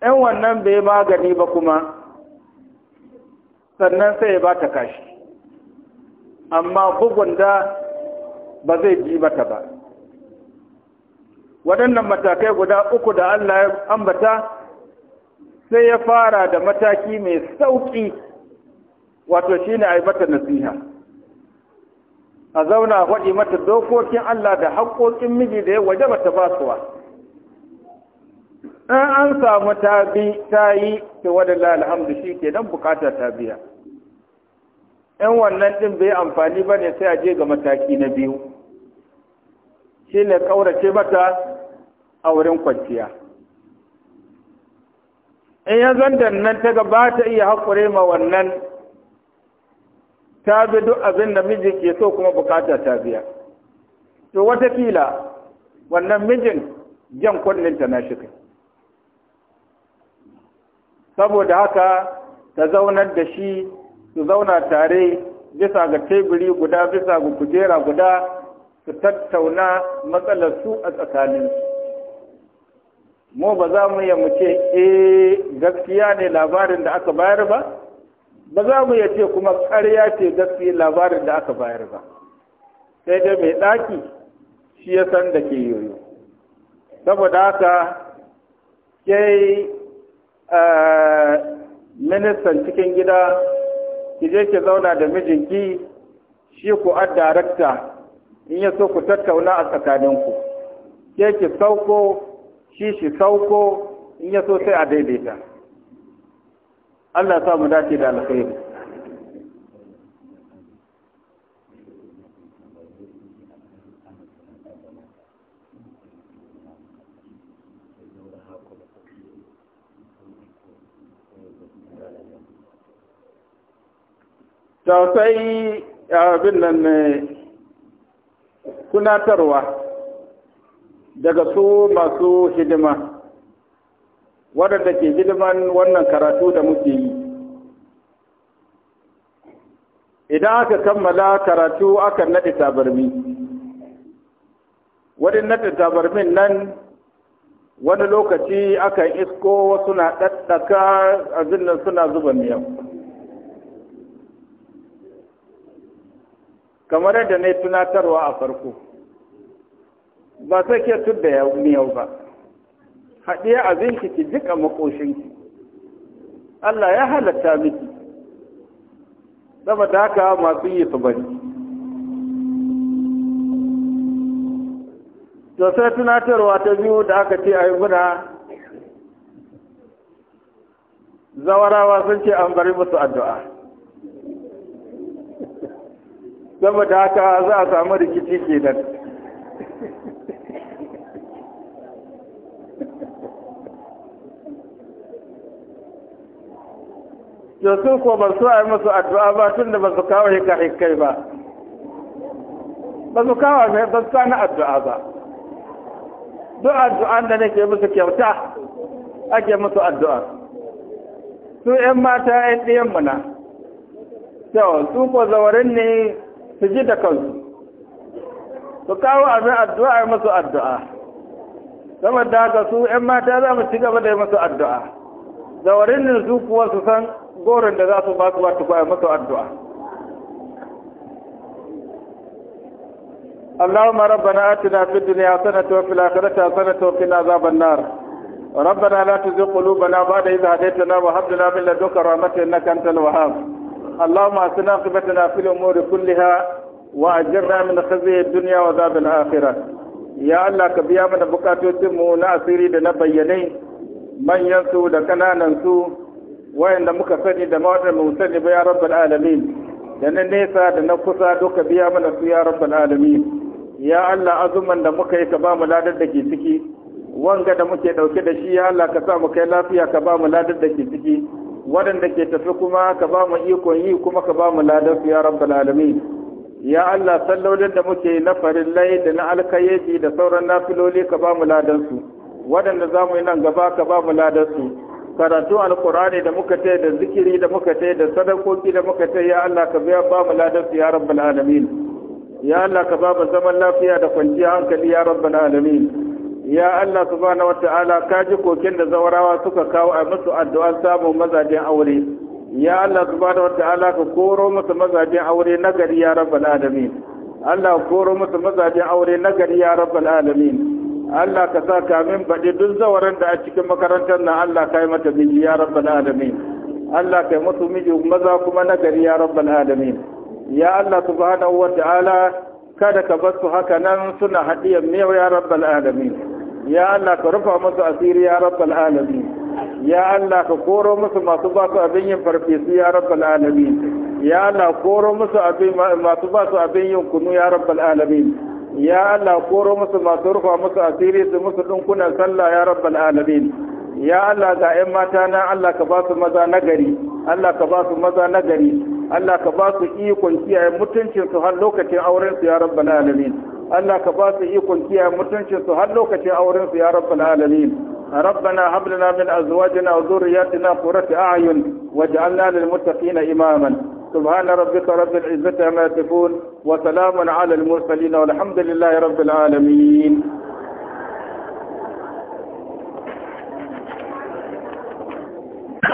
in wannan bai magani ba kuma sannan sai ya ba ta kashi amma bugun da ba zai ji mata ba waɗannan matakai guda uku da Allah ya ambata sai ya fara da mataki mai sauƙi wato shine a aibata nasiha a zauna waɗi mata dokokin Allah da haƙoƙin miji da ya waje mata basuwa in an samu ta bi ta yi ta wadanda alhamdu shi ke nan bukata ta biya in wannan ɗin bai amfani ba ne sai a je ga mataki na biyu shi ne ƙaurace mata a wurin kwanciya in ya da nan ta gaba ta iya haƙure ma wannan ta bi duk abin da mijin ke so kuma bukata ta biya to watakila wannan mijin jan kunninta na shi saboda haka ta zaunar da shi su zauna tare bisa ga teburi guda bisa ga kujera guda su tattauna matsalar su a tsakanin mu ba za mu iya mu ce eh gaskiya ne labarin da aka bayar ba ba za mu iya ce kuma ƙarya ce gaskiya labarin da aka bayar ba sai dai mai ɗaki shi ya san da ke yoyo saboda haka ke eh, ministan cikin gida ki je ki zauna da mijinki shi ku ad darakta in ya so ku tattauna a tsakaninku ke ki sauko shi shi sauko in ya so sai a daidaita Allah ya sa mu dace da alkhairi sosai abin nan tunatarwa daga su masu hidima waɗanda ke hidiman wannan karatu da muke yi idan aka kammala karatu aka naɗe tabarmi wani naɗe tabarmin nan wani lokaci akan isko suna ɗaɗɗaka abin nan suna zuba miyau kamar yadda na yi tunatarwa a farko ba sai ke da ya yau ba haɗiya abinki ki jiƙa makoshinki Allah ya halatta miki saboda haka masu yi su bari to sai tunatarwa ta biyu da aka ce a yi muna. zawarawa sun ce an bari musu addu'a saboda haka za a samu rikici kenan yanzu ko ba su yi musu addu'a ba tun da ba su kawo hikai ba ba su kawo mai ba su na addu'a ba duk addu'an da nake musu kyauta ake musu addu'a su ‘yan mata ‘yan ɗiyan muna su ko zawarin ne su ji da kansu su kawo abin addu'a ya masu addu'a sama da haka su 'yan mata za mu ci gaba da yi masu addu'a da zawarin su kuwa su san goron da za su ba su wata kwaya masu addu'a اللهم ربنا آتنا في الدنيا حسنة وفي الآخرة حسنة وقنا عذاب النار ربنا لا تزغ قلوبنا بعد إذ هديتنا وهب لنا من لدنك رحمة إنك أنت الوهاب اللهم أتنا عاقبتنا في الأمور كلها وأجرنا من خزي الدنيا وعذاب الآخرة يا الله كبيا من بكاتو na asiri da na bayyanai manyansu da kananansu wayanda muka sani da mawadar mu sani ba ya rabbal alamin da na nesa da na kusa duka biya mana su ya rabbal alamin ya Allah azuman da muka ka ba mu ladar ciki wanga da muke ɗauke da shi ya Allah ka sa mu kai lafiya ka bamu mu ladar ciki waɗanda ke tafi kuma ka ba mu ikon yi kuma ka ba mu ladan ya rabbal alamin ya Allah sallolin da muke na farin farillai da na alkayeji da sauran nafiloli ka ba mu ladan su waɗanda za mu yi nan gaba ka ba mu ladan su karatu alkurani da muka tai da zikiri da muka tai da sadakoki da muka tai ya Allah ka biya ba mu ladan su ya rabbal alamin ya Allah ka ba mu zaman lafiya da kwanciyar hankali ya rabbal alamin ya Allah subhanahu wata'ala ka ji koken da zawarawa suka kawo a musu addu'an samun mazajen aure ya Allah subhanahu wata'ala ka koro musu mazajen aure na gari ya rabbal alamin Allah koro musu mazajen aure na gari ya rabbal alamin Allah ka sa ka min baɗi duk zawaran da a cikin makarantar nan Allah ka yi mata miji ya rabbal alamin Allah ka yi musu miji maza kuma na gari ya rabbal alamin ya Allah subhanahu wata'ala kada ka bar su haka nan suna haɗiyar miyau ya rabbal alamin ya Allah ka rufa musu asiri ya rabbal alamin ya Allah ka koro musu masu ba su abin yin farfesu ya rabbal alamin ya Allah koro musu abin masu ba su abin yin kunu ya rabbal alamin ya Allah koro musu masu rufa musu asiri su musu dinkunan sallah ya rabbal alamin ya Allah ga 'yan mata na Allah ka ba su maza nagari Allah ka ba su maza nagari Allah ka ba su ikon kiyaye su har lokacin aurensu ya rabbal alamin Allah ka ba su ikon kiyaye mutuncin su har lokacin auren su ya rabbal alamin rabbana hab lana min azwajina wa dhurriyyatina qurrata a'yun waj'alna lil muttaqina imama سبحان ربك رب العزة عما يصفون وسلام على المرسلين والحمد لله رب العالمين